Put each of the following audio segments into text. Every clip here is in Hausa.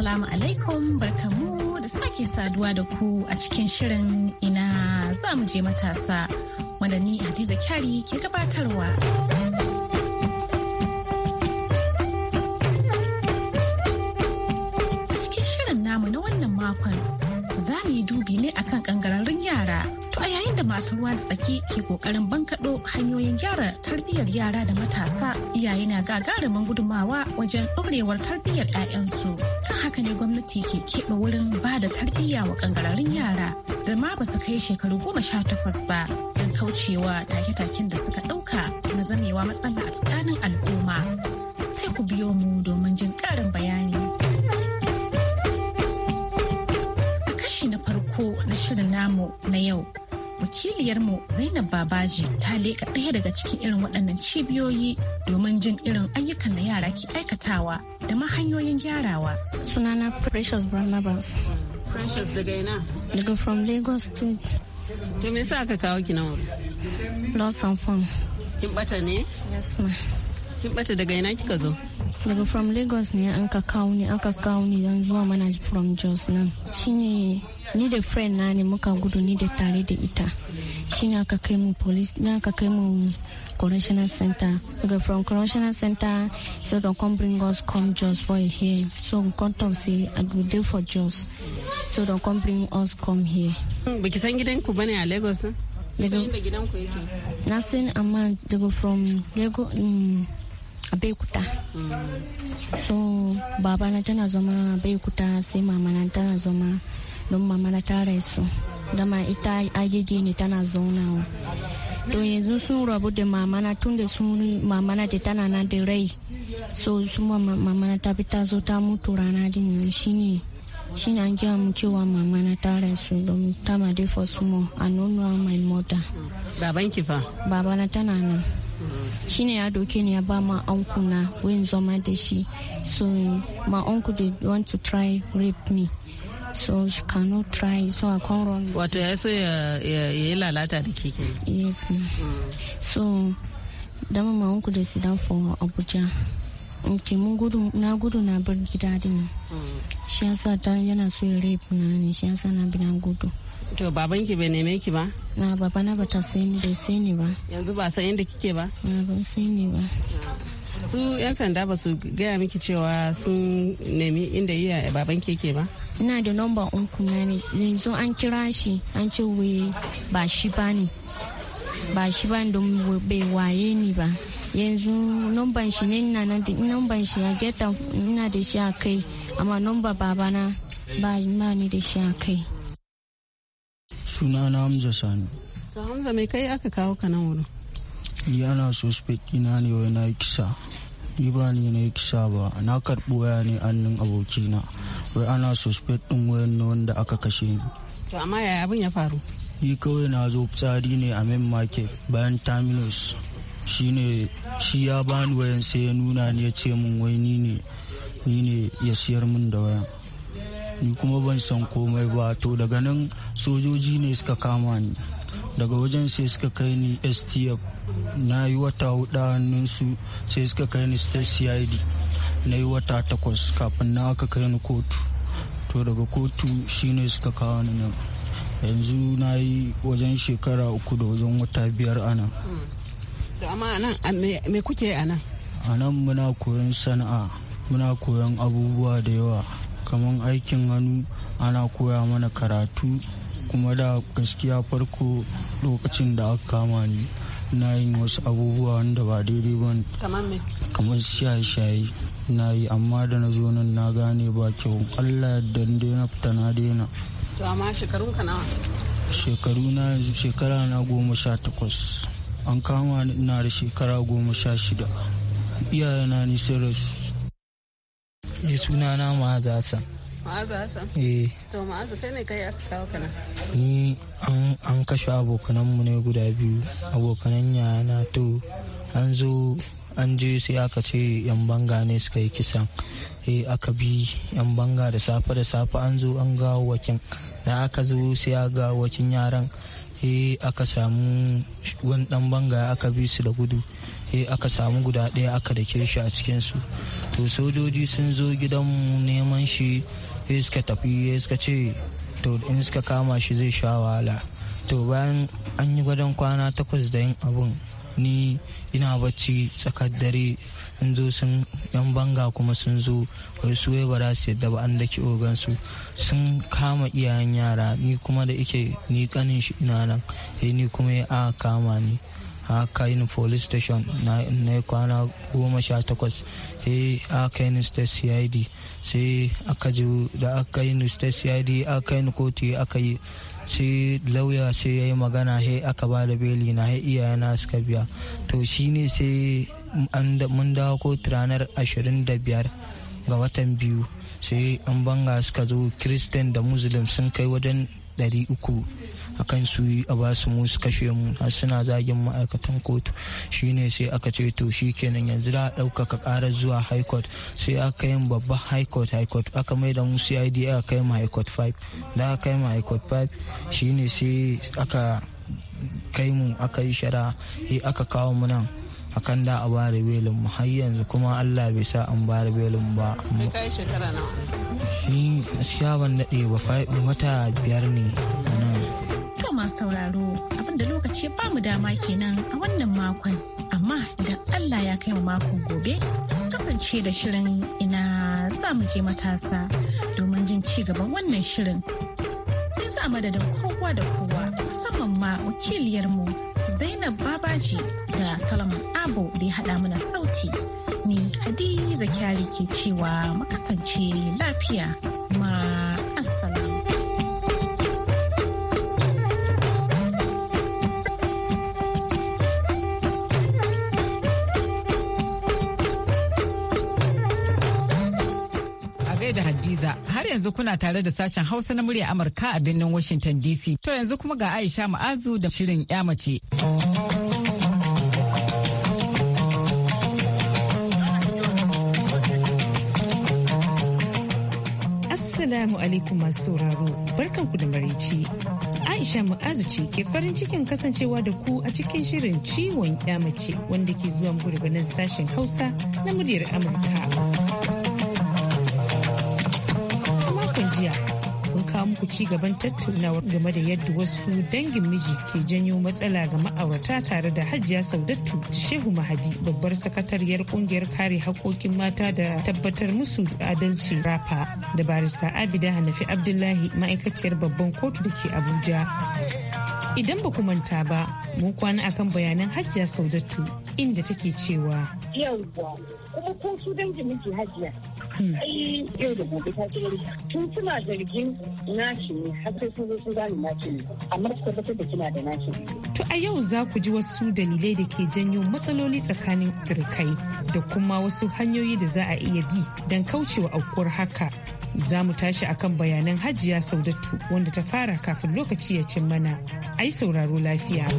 Assalamu alaikum barkamu da sake saduwa da ku a cikin shirin ina za mu je matasa wanda ni Hadiza Kyari ke gabatarwa. A cikin shirin namu na wannan makon za mu yi dubi ne akan kangararrun yara. To a yayin da masu ruwa da tsaki ke kokarin bankaɗo hanyoyin gyara tarbiyyar yara da matasa iyaye na gagarumin gudumawa wajen ɗorewar tarbiyyar 'ya'yansu. haka ne gwamnati ke keɓe wurin ba da tarbiyya wa kangararrun yara da ma ba su kai shekaru goma sha takwas ba don kaucewa take-taken da suka ɗauka na zamewa matsala a tsakanin al'umma. Sai ku biyo mu domin jin ƙarin bayani. a kashi na farko na shirin namu na yau wakiliyarmu zainab babaji ta leka ɗaya daga cikin irin waɗannan cibiyoyi domin jin irin ayyukan da yara ke aikatawa da ma hanyoyin gyarawa sunana precious barnabas precious daga ina daga from lagos state to me sa ka kawo ki nawa lost and found kin bata ne yes ma kin bata daga ina kika zo daga from lagos ne an ka kawo ni aka kawo ni don zuwa mana from jos nan shine ni da friend na ne muka gudu ni da tare da ita shine aka kai mu police na aka kai mu correctional center daga from correctional center so don come bring us come jos boy here so come talk say i go dey for jos so don come bring us come here baki san gidan ku bane a lagos daga na san amma daga from lagos mm, a baikuta so babana tana zama baikuta sai mamana tana zama don mamana ta raisu dama ita agege ne tana zaunawa to yanzu sun rabu da mamana tun da sun mamana da tana na da rai so su mamana ta bi ta zo ta mutu rana din nan shine shine an gaya mu cewa mamana ta rasu don ta ma dai for small a nono my mother baban ki fa babana tana nan ne ya doke ni ya ba ma anku na wayin zama da shi so my uncle did want to try rape me so she cannot try so I come run wato ya so ya yi lalata da ke yes ma so dama ma uncle da sidan for Abuja ok mun gudu na gudu na bar gida din mm. shi yasa ta yana so ya rape na ne shi yasa na bi na gudu To baban ki bai neme ki ba? Na baba na bata sai ni bai sai ni ba. Yanzu ba san inda kike ba? Na ban sai ni ba. Su yan sanda ba su gaya miki cewa sun nemi inda iya baban keke ba? Ina da number unku na ne yanzu an kira shi an ce wai ba shi ba ne. Ba shi ba don bai waye ni ba. yanzu numban shi ne ina nan da numban shi a geta ina da shi a kai amma numba babana ba ma ni da shi a kai. suna na hamza sani to hamza mai kai aka kawo ka nan wurin ni ana suspect na ne wai na kisa ni ba ni na kisa ba na karɓi waya ne annin abokina wai ana suspect din wayan na wanda aka kashe ni to amma yaya abin ya faru ni kawai na zo fitsari ne a main market bayan terminus ne shi ya bani wayan sai ya nuna ni ya ce min wai ni ne ni ne ya siyar min da wayan ni kuma ban san komai ba to daga nan sojoji ne suka kama ni daga wajen sai suka kai ni stf na yi wata hudu hannunsu sai suka kai ni state cid na yi wata takwas kafin na aka kai ni kotu to daga kotu shine suka kawo ni nan yanzu na yi wajen shekara uku da wajen wata biyar ana amma anan me kuke anan anan muna koyon sana'a muna koyon abubuwa da yawa kamar aikin hannu ana koya mana karatu kuma da gaskiya farko lokacin da aka kama ni na yi wasu abubuwa wanda ba daidai ba kamar shaye-shaye na yi amma da na zo nan na gane ba kyau allah yadda na fita na daina to amma shekarun ka nawa shekaru na yanzu shekara na goma sha takwas an kama na da shekara goma sha shida iyayena ni sun rasu Me suna na Ma'aza Hassan. Ma'aza Hassan? Eh. To Ma'aza kai ne kai aka kawo kana? Ni an kashe abokananmu ne guda biyu abokanan yana to an zo an je sai aka ce yan banga ne suka yi kisan eh aka bi yan banga da safe da safe an zo an gawo wakin da aka zo sai a gawo wakin yaran he eh, aka samu wani dan banga aka bi su da gudu he eh, aka samu guda ɗaya aka dake shi a cikinsu to sojoji sun zo gidanmu neman shi he suka tafi he suka ce to in suka kama shi zai sha wahala to bayan an yi gwadon kwana takwas da yin abun ni ina bacci tsakar dare in zo sun yan banga kuma sun zo wai su wai ba za su yadda ba an daki ogansu sun kama iyayen yara ni kuma da ike ni kanin shi ina nan eh, ni kuma ya a kama ni a kaini police station na kwana goma sha takwas sai a kaini state cid sai aka ji da aka yi state cid aka kotu aka yi sai lauya sai ya yi magana he aka ba da beli na he iyayena suka biya to ne sai mun dawo kotu ranar biyar ga watan biyu sai an banga suka zo christian da muslim sun kai wajen 300 akan su a ba su mu su kashe mu suna zagin ma'aikatan kotu shine sai aka ce to shi kenan yanzu za a ɗaukaka ƙarar zuwa high court sai aka yin babban high court high court aka mai da mu cid aka kai ma high court 5 da aka yi ma high court 5 shine sai aka kai mu aka yi shara aka kawo mu nan akan da a bare belin mu har yanzu kuma Allah bai sa an bare belin ba shi gaskiya ban daɗe ba wata biyar ne nan masu sauraro abinda lokaci ba mu dama kenan a wannan makon amma idan Allah ya kai makon gobe kasance da shirin ina za mu je matasa domin jin ci gaban wannan shirin za a madadin kowa da kowa musamman ma wakiliyarmu zainab babaji da salaman abu da ya haɗa mana sauti ni hadiza kyari ke cewa makasance lafiya ma yanzu kuna tare da sashen Hausa na murya Amurka a birnin Washington DC. To yanzu kuma ga Aisha Ma'azu da shirin mace. Assalamu alaikum masu sauraro, barkanku da marici. Aisha Mu'azu ce ke farin cikin kasancewa da ku a cikin shirin ciwon mace wanda ke zuwa muku daga nan sashen Hausa na muryar Amurka. jiya mun kawo muku ci gaban tattaunawar game da yadda wasu dangin miji ke janyo matsala ga ma'aurata tare da hajiya saudattu shehu mahadi babbar sakatariyar kungiyar kare haƙoƙin mata da tabbatar musu adalci rafa da barista abida hanafi abdullahi ma'aikaciyar babban kotu da ke abuja idan ba ku manta ba mun kwana akan bayanan hajiya saudattu inda take cewa yau kuma ko su dangin miji hajiya Hmm. ai yau da gobe ta ce tun suna zargin nashi ne har sai sun gane nashi amma su tabbatar da da nashi to a yau za ku ji wasu dalilai da ke janyo matsaloli tsakanin turkai da kuma wasu hanyoyi da za a iya bi don kaucewa aukuwar haka za mu tashi akan bayanan hajiya saudattu wanda ta fara kafin lokaci ya cin mana ai sauraro lafiya.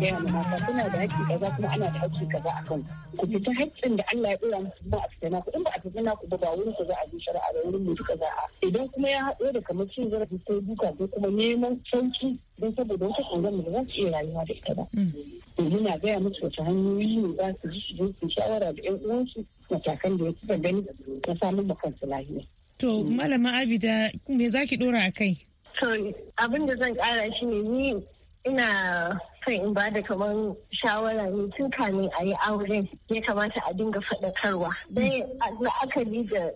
yawa ma mata suna da haƙƙi kaza kuma ana da haƙƙi kaza a kan ku fita haƙƙin da Allah ya ɗora muku ba a fita ku in ba a fita ku ba ba wurin ku za a bi shari'a da wurin mu kaza a idan kuma ya haɗo da kamar cin zarafi ko duka ko kuma neman sauki don saboda wata tsoron mu za su iya rayuwa da ita ba. Mm. Muna gaya musu wata hanyoyi ne za su ji su je su shawara da ƴan uwansu matakan da ya kuka gani na samun makansu lahiya. To malama Abida me za ki ɗora a kai? To abin da zan kara shi ne ni ina son in ba da kamar shawara ne tun kamin a yi auren ya kamata a dinga faɗakarwa. Dai la'akari da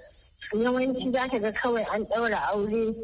yawanci za ka ga kawai an ɗaura aure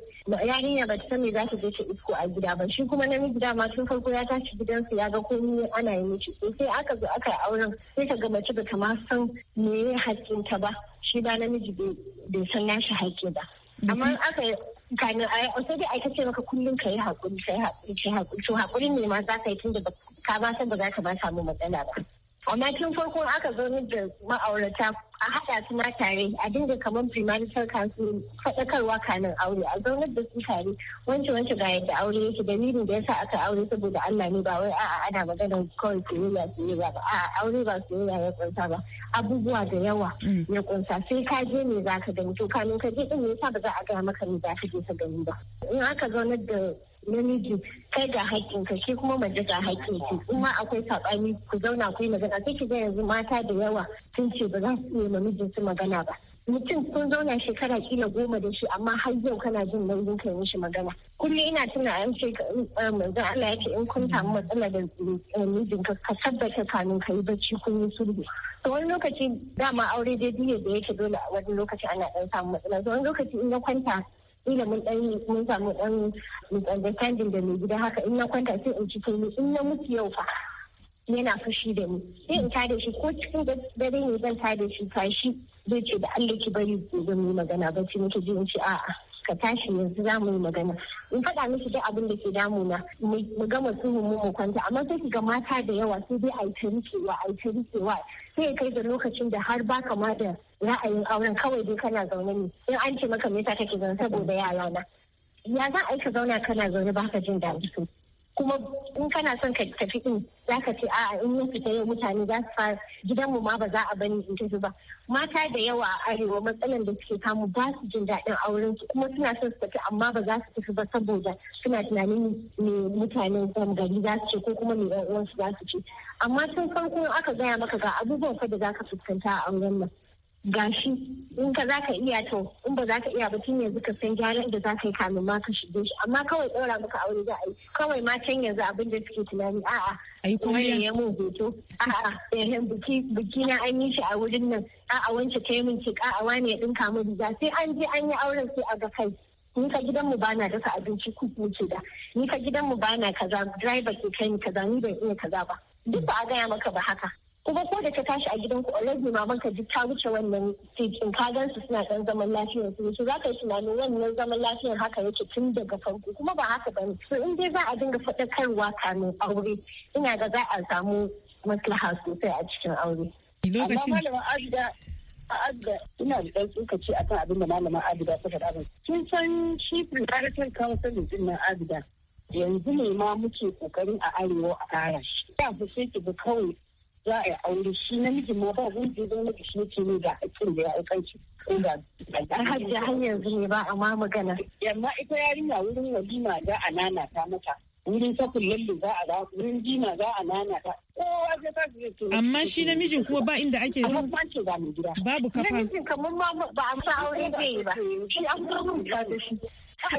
yarinya ba ta san me za ta je ta isko a gida ba shi kuma namiji dama tun farko ya tashi gidansu ya ga komai ana yi mishi sai aka zo aka yi auren sai ka ga mace ba ta ma san me hakkinta ba shi ba namiji bai san nashi hakki ba amma aka kamin a sai dai aika ce maka kullum ka yi haƙuri ka yi haƙuri to hakuri ne ma za ka yi tun da ka ba san ba za ka ba samu matsala ba amma tun farko aka zo da ma'aurata a haɗa su na tare a dinga kamar primarital kansu faɗakarwa kanin aure a zaunar da su tare wance wancan ga yadda aure yake da nini da yasa aka aure saboda Allah ne ba wai a'a ana magana kawai soyayya soyayya ba a'a aure ba su yi ya kunsa ba abubuwa da yawa mm. ya kunsa sai ka je ne zaka gani to kanin ka je din sa ba za a gaya maka ne ka je ka gani ba in aka zaunar da namiji kai ga ka shi kuma mace ga ki in ma akwai saɓani ku zauna ku yi magana sai ki ga yanzu mata da yawa sun ce ba za su yi namijin su magana ba mutum kun zauna shekara kila goma da shi amma har yau kana jin nauyin kai mishi magana kullum ina tuna an ce um, manzon Allah ya ce in kun samu matsala da eh, mijinka ka Ka tabbata kamin ka yi bacci kun yi sulhu to wani lokaci dama aure dai duniya da yake dole a wani lokaci ana dan samu matsala to wani lokaci in ya kwanta kila mun dan mun samu dan misunderstanding da mai gida haka in na kwanta sai in ci ni in na mutu yau fa yana fushi da ni sai in tada shi ko cikin dare ne zan tada shi tashi zai ce da Allah ki bari ga mu magana ba ce nake ji in a'a ka tashi yanzu za mu yi magana in faɗa miki duk abin da ke damu na mu gama suhun mu kwanta amma sai ga mata da yawa sai dai a yi ta a yi sai ya kai da lokacin da har baka kama da ra'ayin auren kawai dai kana zaune ne in an ce maka me kake zaune saboda yara na ya za a yi ka zauna kana zaune ba ka jin daɗi su kuma in kana son ka tafi din za ka ce a'a in yin fita yau mutane za su fara gidanmu ma ba za a bani in tafi ba mata da yawa a arewa matsalan da suke kamu ba su jin daɗin auren su kuma suna son su tafi amma ba za su tafi ba saboda suna tunanin me mutanen kan gari za su ce ko kuma me yan uwansu za su ce amma tun farko aka gaya maka ga abubuwan fa da za ka fuskanta a auren nan gashi in ka za ka iya to in ba za ka iya ba tun yanzu ka san gyaran da za ka yi kamin ma ka shige shi amma kawai ɗora maka aure za a yi kawai ma can yanzu abin da suke tunani a'a ayi kuma ya mun hoto a'a eh buki buki na an yi shi a wurin nan a'a wance kai min ki ka'a wani ya dinka mu riga sai an je an yi auren sai a ga kai ni ka gidan mu bana dafa abinci ku kuke da ni ka gidan mu bana kaza driver ke kai ni kaza ni ban iya kaza ba duk ba a gaya maka ba haka kuma ko da ta tashi a gidan ku already maman ka ji ta wuce wannan stage ka gan su suna ɗan zaman lafiyar su su ka yi tunanin wannan zaman lafiyar haka yake tun daga farko kuma ba haka bane so in dai za a dinga faɗakarwa kamin aure ina ga za a samu maslaha sosai a cikin aure lokacin ina da ɗan tsokaci akan abin da malama abida suka faɗa kin san shi din na abida yanzu ne ma muke kokarin a arewa a kara shi ya fi sai ki kawai za a yi aure shi namijin ma ba wani da zama da shi ke ne da aikin da ya aikanci ko ga an hajji har yanzu ne ba a ma magana yamma ita yarinya wurin walima za a nanata mata wurin sakun lalle za a zaɓi. wurin jima za a nana ta kowa zai ta zai to amma shi namijin kuwa ba inda ake zuwa amma ce ga mai gida babu kafa namijin kamar ma ba a sa aure zai yi ba shi an gurbin ta da shi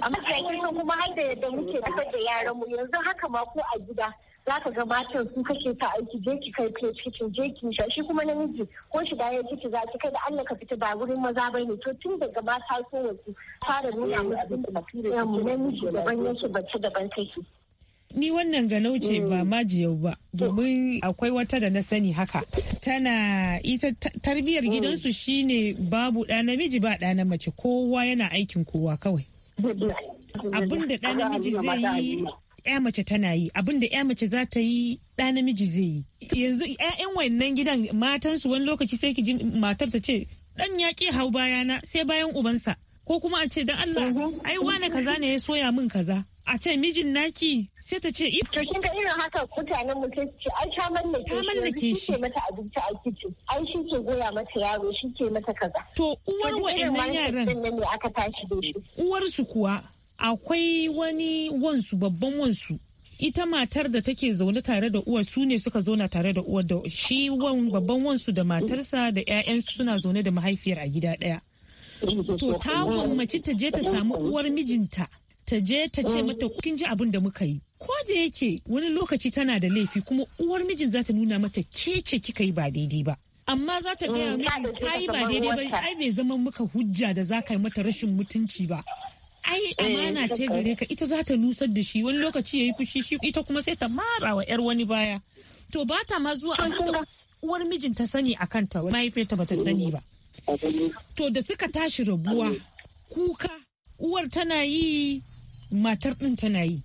amma kuma har da yadda muke kuma da yaran mu yanzu haka ma ko a gida za ka ga matan sun kashe ta aiki je ki kai plate kitchen je ki sha shi kuma namiji ko shi da ya ciki za ki kai da Allah ka fita ba wurin maza ne to tun daga mata ko wasu fara nuna mu abin da namiji daban yake bace daban take ni wannan ganauce ce ba mm. majiyau ba domin akwai wata da na sani haka tana ita tarbiyyar mm. gidansu shine babu ɗa namiji ba ɗa na mace kowa yana aikin kowa kawai abin da ɗa namiji zai yi ya mace tana yi abin da ya mace za ta yi ɗa namiji zai yi yanzu 'ya'yan wannan gidan matansu wani lokaci sai ki ji matar ta ce dan ya ƙi hau bayana sai bayan ubansa ko kuma a ce dan Allah mhm. ai wane kaza ne ya soya min kaza a ce mijin naki sai ta ce ita to kinga ina haka mutanen mu sai ce ai ta mallake shi ta mallake shi mata abinci a kici ai shi ke goya mata yaro shi ke mata kaza to uwar wa'annan yaran ne aka tashi da shi uwar su kuwa akwai wani wansu babban wansu ita matar da take zaune tare da uwar su ne suka zauna tare da uwar da shi wan babban wansu da matarsa da 'ya'yansu suna zaune da mahaifiyar a gida daya To ta gwammaci ta je ta samu uwar mijinta ta je ta ce mata kin ji abin da muka yi. Ko da yake wani lokaci tana da laifi kuma uwar mijin za ta nuna mata ke kika yi ba daidai ba. Amma za ta gaya mm. mijin ta yi ba daidai ba ai bai zama muka hujja da za ka yi mata rashin mutunci ba. ai eh, amana ce gare ka ita za ta nusar da shi wani lokaci ya yi fushi shi ita kuma sai ta mara wa 'yar wani baya to ba ta ma zuwa uwar mijin ta sani a kanta mahaifiyarta ba ta sani ba to da suka tashi rabuwa kuka uwar tana yi matar ɗin tana yi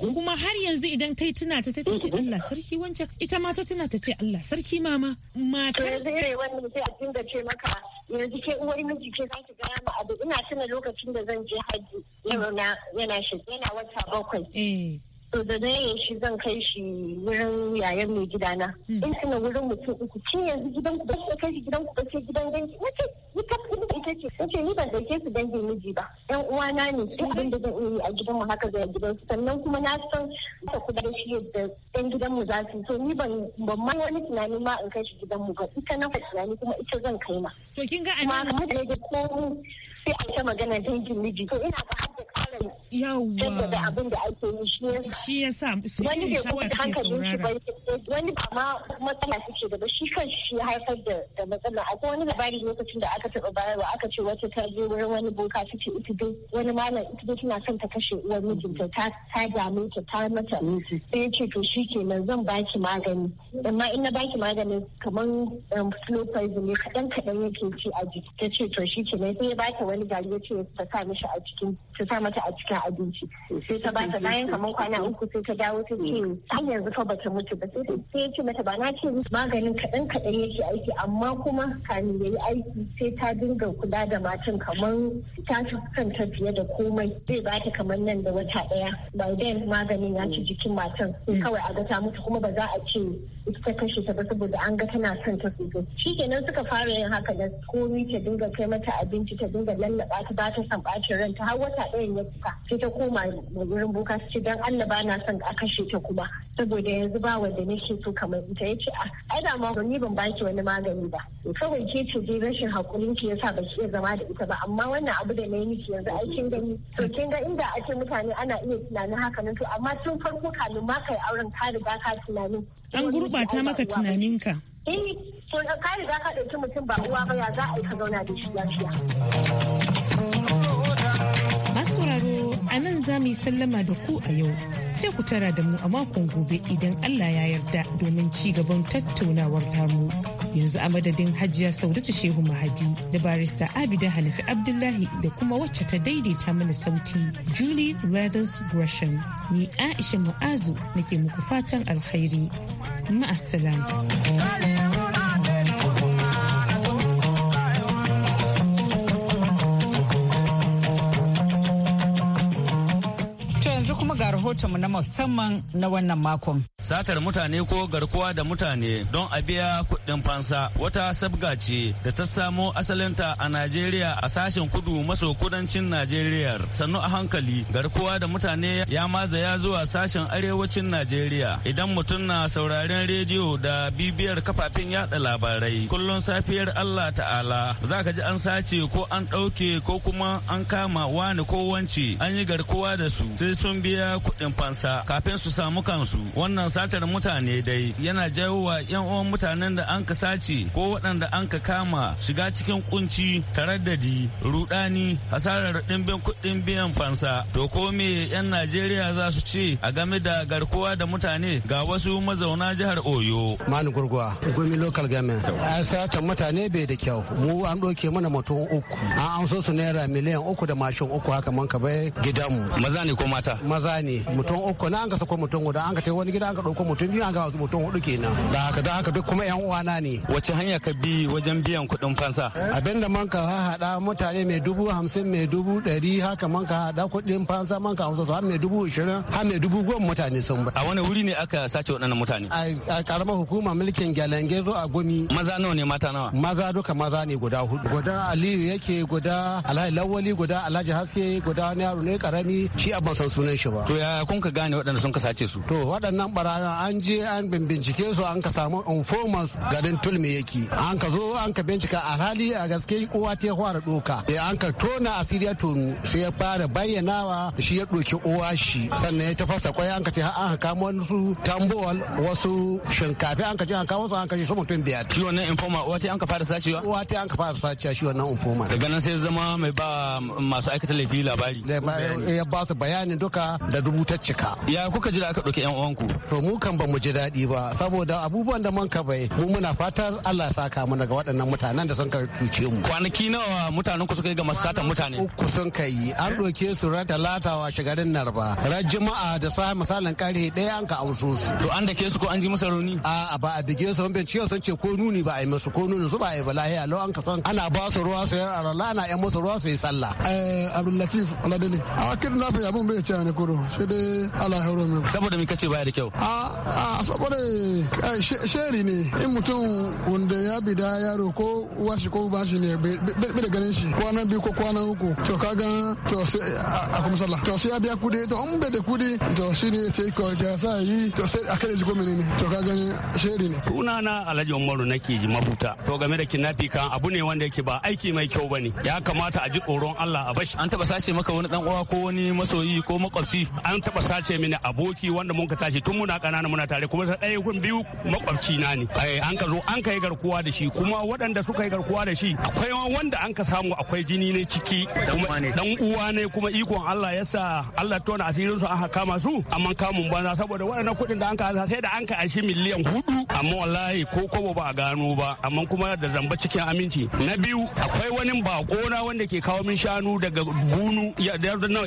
kuma har yanzu idan ta yi tuna ta ta ce Allah sarki wancan ita ma ta tuna ta ce Allah sarki mama matar zai wannan sai a dinga ce maka yanzu ke uwar miji ce za ki gaya ma abu ina tuna lokacin da zan je hajji yana yana yana wata bakwai eh. to da na yin shi zan kai shi wurin yayan mai gidana hmm. in tuna wurin mutum uku cin yanzu gidan ku ba sai kai shi gidan ku ba sai gidan ganki na ce ni ka take ce ni ban dauke su dangin miji ba yan uwana ne duk abin da zan yi a gidan mu haka zai gidan su sannan kuma na san ta kuda da shi da yan gidan mu za su so ni ban ban mai wani tunani ma in kai shi gidan mu ba ita na tunani kuma ita zan kai ma to kin ga anan mutane da ko sai a ta magana dangin miji to ina ga Yawwa. Shi ya sa su yi shawar ke saurara. Wani ba ma matsala suke da ba shi kan shi haifar da matsala. Akwai wani labari lokacin da aka taɓa bayarwa aka ce wata ta je wurin wani boka su ce ita dai wani malam ita dai tana son ta kashe uwar mijinta ta ta damu ta ta mata. Sai ya ce to shi nan zan baki magani. Amma in na baki magani kamar um, slow ne kaɗan kaɗan yake ci a jiki. Ta ce to shi nan sai ya baki wani gari ya ce ta sa mishi a cikin ta sa mata a cikin abinci sai ta bata bayan kamar kwana uku sai ta dawo ta ce har yanzu fa bata mutu ba sai ta ya ce mata ba na ce maganin kaɗan kaɗan yake aiki amma kuma kamin yayi aiki sai ta dinga kula da matan kamar ta fi kanta fiye da komai zai ba ta kamar nan da wata ɗaya by then maganin ya ci jikin matan kawai a ga ta mutu kuma ba za a ce ita ta kashe ta ba saboda an ga tana son ta sosai shi kenan suka fara yin haka da komi ta dinga kai mata abinci ta dinga lallaba ta ba ta son bacin ranta har wata ɗayan ya fita sai ta koma wurin boka su ce dan Allah ba na son a kashe ta kuma saboda yanzu ba wanda nake so kamar ita ya ce ah, ai da ma ni ban baki wani magani ba kawai ke ce dai rashin hakurin ki yasa ba ki zama da ita ba amma wannan abu da na yi miki yanzu ai kin gani to kin ga inda a ce mutane ana iya tunanin haka nan to amma tun farko kafin ma kai auren ka riga ka tunanin an gurbata maka tunaninka eh to ka riga ka ɗauki mutum ba uwa ba ya za a yi ka zauna da shi lafiya a nan za mu yi sallama da ku a yau sai ku tara da mu a makon gobe idan Allah ya yarda domin ci gaban tattaunawar tamu. Yanzu a madadin Hajiya Saudatu Shehu Mahadi da barista Abida Hanifi Abdullahi da kuma wacce ta daidaita mana sauti Julie Leathers Gresham ni Aisha Mu'azu nake muku fatan alkhairi. ma'asalam. rahotonmu na musamman na wannan makon. Satar mutane ko garkuwa da mutane don a biya kuɗin fansa wata sabga ce da ta samo asalinta a Najeriya a sashen kudu maso kudancin Najeriya. Sannu a hankali garkuwa da mutane ya ya zuwa sashen arewacin Najeriya. Idan mutum na sauraren rediyo da bibiyar kafafen yada labarai kullum safiyar Allah ta'ala za ka ji an sace ko an ɗauke ko kuma an kama wani ko wance an yi garkuwa da su sai sun biya kuɗin fansa kafin su samu kansu wannan satar mutane dai yana jawo wa 'yan uwan mutanen da an ka sace ko waɗanda an ka kama shiga cikin kunci taraddadi rudani hasarar ɗimbin kuɗin biyan fansa to ko me 'yan najeriya za su ce a game da garkuwa da mutane ga wasu mazauna jihar oyo mani gurguwa gumi local government a satan mutane bai da kyau mu an ɗauke mana mutum uku an amso su naira miliyan uku da mashin uku haka man ka bai gidanmu maza ne ko mata maza ne mutum uku na an ka sako mutum guda an ka tai wani gida an ka dauko mutum biyu an ka mutum hudu kenan da haka da haka duk kuma yan na ne wace hanya ka bi wajen biyan kuɗin fansa abin da man ka hada mutane mai dubu hamsin mai dubu ɗari haka man ka hada kuɗin fansa man ka hamsin har mai dubu ishirin har mai dubu goma mutane sun ba a wani wuri ne aka sace waɗannan mutane a karamar hukuma mulkin gyalenge zo a gumi maza nawa ne mata nawa maza duka maza ne guda hudu guda aliyu yake guda alhaji lawali guda alhaji haske guda wani yaro ne karami shi a ban san sunan shi ba to ya yaya kun ka gane waɗanda sun kasace su to waɗannan barana an je an bincike su an ka samu informants garin tulmi yake an ka zo an ka bincika hali a gaske kowa ta fara doka sai eh, an ka tona asiri ya tonu sai ya fara bayyanawa shi ya doki uwa shi sannan ya tafasa kwai an ka ce an ka kamo wasu tambowal wasu shinkafi an ka ce an kamo su an ka ce su mutum biyar shi wannan informa uwa an ka fara sacewa uwa ta an ka fara sacewa shi wannan informa daga nan sai zama mai ba masu aikata laifi labari ya ba su bayanin duka da dubu dubu ta cika ya kuka ji da aka ɗauki yan uwanku to mu kan ba mu ji daɗi ba saboda abubuwan da man ka bai mu muna fatar Allah ya saka mu daga waɗannan mutanen da sun ka cuce mu kwanaki nawa mutanen ku suka yi ga masu satan mutane uku sun ka yi an ɗauke su ran talata wa shigarin narba ran juma'a da sa misalin kare ɗaya an ka amsu su to an da ke su ko an ji musu rauni a ba a bige su ban ciwo sun ce ko nuni ba a yi musu ko nuni su ba a yi ba lahiya lau an ka son ana ba su ruwa su yar arala ana yan musu ruwa su yi sallah eh abdul latif aladali a kidnapping abun bai ce ne kuro da Allah ya horo min saboda me kace baya da kyau a a saboda sheri ne in mutum wanda ya bida yaro ko washi ko shi ne bai da ganin shi kwanan biyu ko kwanan uku to kaga to sai a kuma sallah to sai ya biya kudi to an bai da kudi to shi ne sai ko ya sa yi to sai a kai jiko menene to ka gani sheri ne sunana Alhaji Umaru nake mabuta to game da kinafi kan abu ne wanda yake ba aiki mai kyau bane ya kamata a ji tsoron Allah a bashi an taba sace maka wani dan uwa ko wani masoyi ko makwabci an taba sace mini aboki wanda mun ka tashi tun muna kanana muna tare kuma ta ɗaya kun biyu makwabci na ne eh, an ka zo an kai garkuwa da shi kuma waɗanda suka yi garkuwa da shi akwai wanda an ka samu akwai jini ne ciki dan uwa ne kuma iko Allah ya sa Allah tona asirin su an kama su amma kamun na saboda waɗannan kuɗin da an ka sai da an ka ashi miliyan hudu amma wallahi ko kobo ba a gano ba amma kuma da zamba cikin aminci na biyu akwai wani bakona na wanda ke kawo min shanu daga bunu ya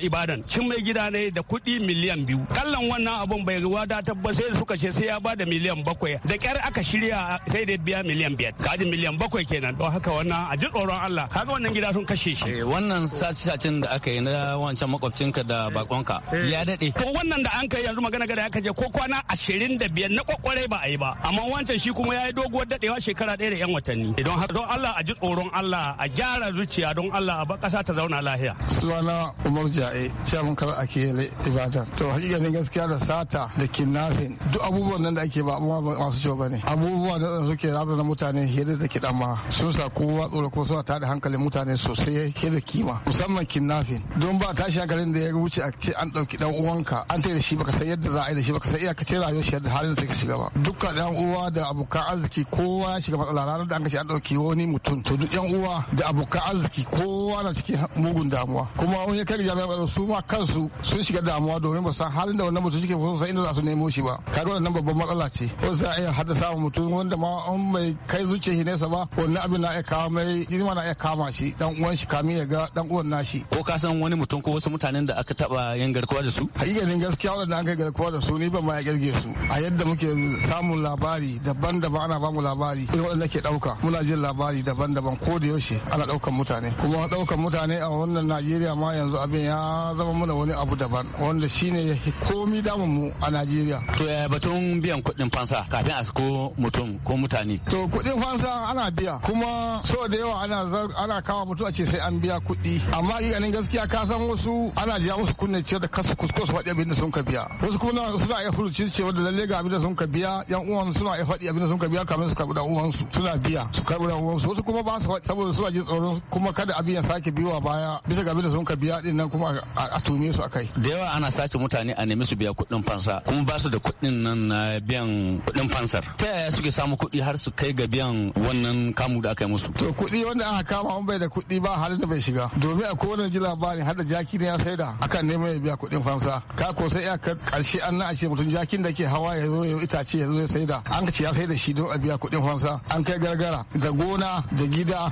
ibadan cin mai gida ne da kuɗi miliyan biyu kallon wannan abun bai wadatar ba sai suka ce sai ya bada miliyan bakwai da kyar aka shirya sai dai biya miliyan biyar kaji miliyan bakwai kenan don haka wannan a ji tsoron Allah kaga wannan gida sun kashe shi eh, wannan sace-sacen da aka yi na wancan makwabcinka da bakonka eh. ya dade to wannan da an kai yanzu magana gada aka je ko kwana ashirin da biyar na kwakware ba a yi ba amma wancan shi kuma ya yi doguwar dadewa shekara ɗaya da yan watanni eh, don haka don Allah a ji tsoron Allah a gyara zuciya don Allah a ba ƙasa ta zauna lahiya. Suwana Umar Ja'e, Chairman Kar Akiyele Ibrahim. satan to hakika ne gaskiya da sata da kidnapping duk abubuwan nan da ake ba masu ciwo bane abubuwa da suke razana mutane hira da ke dama sun sa kowa tsoro kuma suna tada hankalin mutane sosai hira da kima musamman kidnapping don ba tashi hankalin da ya wuce a ce an dauki dan uwanka an da shi baka san yadda za a yi da shi baka san iyakacin rayuwar shi yadda halin da take shiga ba dukkan yan uwa da abokan arziki kowa ya shiga matsala ranar da an kace an dauki wani mutum to duk yan uwa da abokan arziki kowa na cikin mugun damuwa kuma wani ya kai jami'an su ma kansu sun shiga damuwa kasuwa domin ba san halin da wannan mutum suke ke san inda za su nemo shi ba kaga wannan babban matsala ce ko za a iya haddasa wa mutum wanda ma an mai kai zuciya nesa ba wannan abin na iya kawo mai girma na iya kama shi dan uwan shi kamin ya ga dan uwan nashi ko ka san wani mutum ko wasu mutanen da aka taba yin garkuwa da su hakikanin gaskiya wanda an kai garkuwa da su ni ba ma ya kirge su a yadda muke samun labari daban-daban ana mu labari irin wanda ke dauka muna jin labari daban-daban ko da yaushe ana daukan mutane kuma daukan mutane a wannan Najeriya ma yanzu abin ya zama mana wani abu daban wanda wanda shine komi damu mu a Najeriya. To ya batun biyan kuɗin fansa kafin a ko mutum ko mutane? To kuɗin fansa ana biya kuma so da yawa ana ana kawo mutum a ce sai an biya kuɗi amma a ganin gaskiya ka san wasu ana jiya musu kunne ce da kasu kusko su faɗi abin da sun ka biya wasu kuma suna iya furuci ce wanda lalle ga abin da sun ka biya yan uwan suna iya faɗi abin da sun ka biya kafin su karɓi dan uwan su suna biya su karɓi dan uwan su wasu kuma ba su faɗi saboda suna jin tsoron kuma kada abin ya sake biyowa baya bisa ga abin da sun ka biya ɗin nan kuma a tume su akai da yawa ana sace mutane a nemi su biya kuɗin fansa kuma ba su da kuɗin nan na biyan kuɗin fansar ta yaya suke samu kuɗi har su kai ga biyan wannan kamu da aka yi musu to kuɗi wanda aka kama an bai da kuɗi ba halin da bai shiga domin a kowane ji labarin har da jaki ne ya saida akan neman ya biya kuɗin fansa ka ko sai ya karshe an na ce mutum jakin da ke hawa ya zo ya itace ya zo ya saida an ce ya saida shi don a biya kuɗin fansa an kai gargara da gona da gida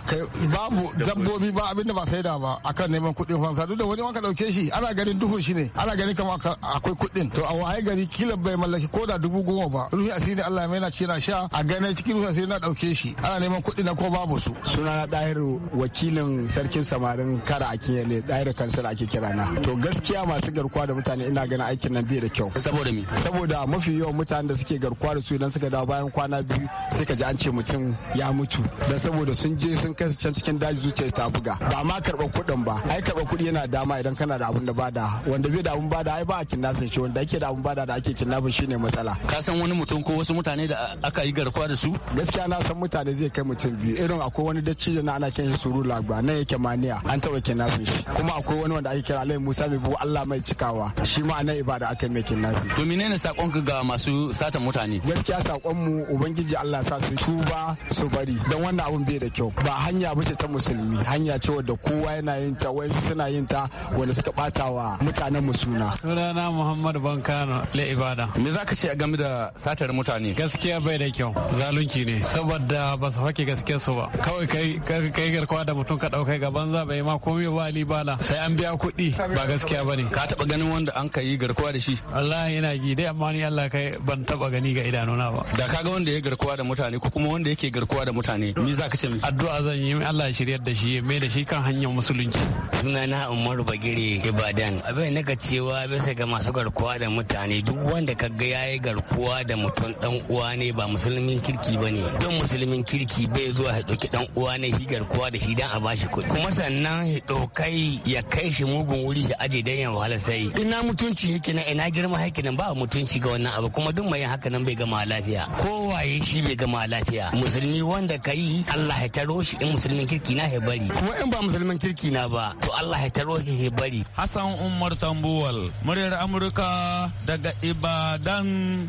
babu dabbobi ba abin da ba saida ba akan neman kuɗin fansa duk da wani wanka ɗauke shi ana ganin duhu shi ne ana ganin gani kama akwai kuɗin to a waye gari kila bai mallaki ko da dubu goma ba rufi asiri Allah mai na ce na sha a gane cikin rufi asiri na ɗauke shi ana neman kuɗi na ko babu su. sunana ɗahiru wakilin sarkin samarin kara a kinyale ɗahiru kansila ake kira na to gaskiya masu garkuwa da mutane ina ganin aikin nan bai da kyau. saboda mi saboda mafi yawan mutanen da suke garkuwa da su idan suka dawo bayan kwana biyu sai ka ji an ce mutum ya mutu dan saboda sun je sun kai can cikin daji zuciya ta buga ba ma karɓar kuɗin ba ai karɓar kuɗi yana dama idan kana da abun da ba da wanda bai da abun ba da ai ba a kidnapping shi wanda ake da abun bada da ake kidnapping shine matsala ka san wani mutum ko wasu mutane da aka yi garkuwa da su gaskiya na san mutane zai kai mutum biyu irin akwai wani da da na ana kiran shi suru lagba nan yake maniya an taba kidnapping shi kuma akwai wani wanda ake kira Alai Musa mai bugu Allah mai cikawa shi ma nan ibada aka mai kidnapping to menene sakon ka ga masu sata mutane gaskiya sakon mu ubangiji Allah sa su tuba su bari dan wannan abun bai da kyau ba hanya bace ta musulmi hanya ce wadda kowa yana yin ta wai suna yin ta wanda suka bata wa mutanen mu suna Sunana Muhammadu Bankano le ibada. Me za ka ce a game da satar mutane? Gaskiya bai da kyau, zalunci ne, saboda ba su fake gaskiyar su ba. Kawai kai kai garkuwa da mutum ka ɗaukai gaban za bai ma komai ba libala sai an biya kuɗi ba gaskiya ba ne. Ka taɓa ganin wanda an ka yi garkuwa da shi? Allah yana ji dai amma ni Allah kai ban taba gani ga idanuna ba. Da ka ga wanda ya garkuwa da mutane ko kuma wanda yake garkuwa da mutane, me za ka ce mishi? Addu'a zan yi Allah ya shiryar da shi ya mai da shi kan hanyar musulunci. Sunana Umaru Bagire Ibadan. Abin naka cewa garkuwa bisa ga masu garkuwa da mutane duk wanda ka ga yayi garkuwa da mutum dan uwa ne ba musulmin kirki ba ne don musulmin kirki bai zuwa ya ɗauki dan uwa ne shi garkuwa da shi dan a bashi kuɗi kuma sannan ya ɗaukai ya kai shi mugun wuri shi aje dan ya wahala sai ina mutunci yake na ina girma yake nan ba mutunci ga wannan abu kuma duk mai haka nan bai gama lafiya kowaye shi bai gama lafiya musulmi wanda ka yi Allah ya taro shi in musulmin kirki na ya bari kuma in ba musulmin kirki na ba to Allah ya taro shi ya bari Hassan Umar Tambuwal Muryar Amurka daga Ibadan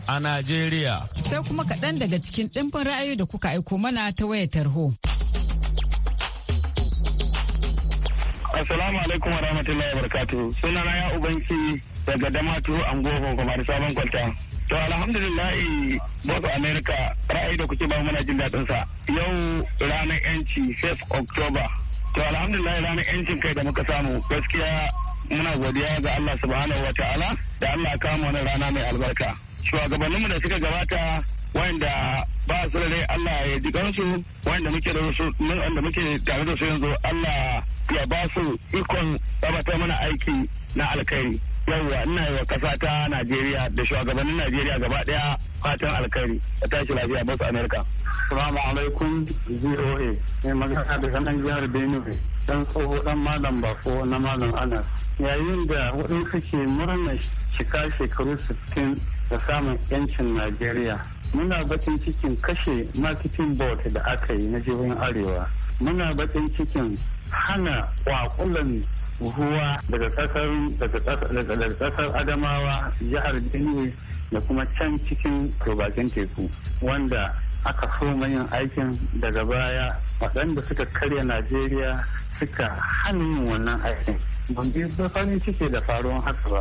a Najeriya. Sai kuma kaɗan daga cikin ɗimbin ra'ayi da kuka aiko mana ta wayar tarho. Assalamu alaikum wa rahmatullahi wa barakatu. Suna na ya ubanki daga Damatu Angogo kamar sabon kwalta. To alhamdulillahi Bosu America ra'ayi da kuke ba mana jin daɗin sa. Yau ranar yanci 6 October. To alhamdulillah ranar yancin kai da muka samu gaskiya muna godiya ga Allah subhanahu wa ta'ala da Allah ya kama wani rana mai albarka shugabanninmu da suka gabata wanda ba su da Allah ya ji gansu wanda muke da su wanda muke tare da su yanzu Allah ya ba su ikon tabbatar mana aiki na alkhairi yawwa ina yi wa ƙasa ta najeriya da shugabannin najeriya gaba ɗaya fatan alkhairi a tashi lafiya basu amerika salamu alaikum voa ne magana da kanan jihar benue dan tsoho dan malam bako na malam anas yayin da wadansu ke murnar shika shekaru 60 da samun yancin najeriya muna bakin cikin kashe marketing board da aka yi na jihohin arewa muna bakin cikin hana kwakulan ruwa daga kasar adamawa jihar benue da kuma can cikin bakin teku wanda aka soma yin aikin daga baya waɗanda suka karya najeriya suka hana yin wannan aikin ban bi farin ciki da faruwan haka ba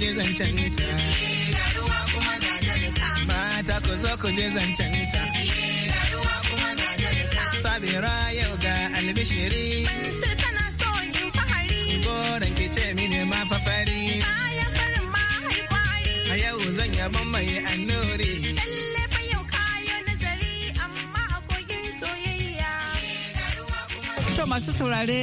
je zancen Mata ku zo ku je Sabira yau ga albishiri. tana so fahari. Goran ki ce mini ma fafari. farin A yau zan yabon mai annuri. nazari amma soyayya. masu saurare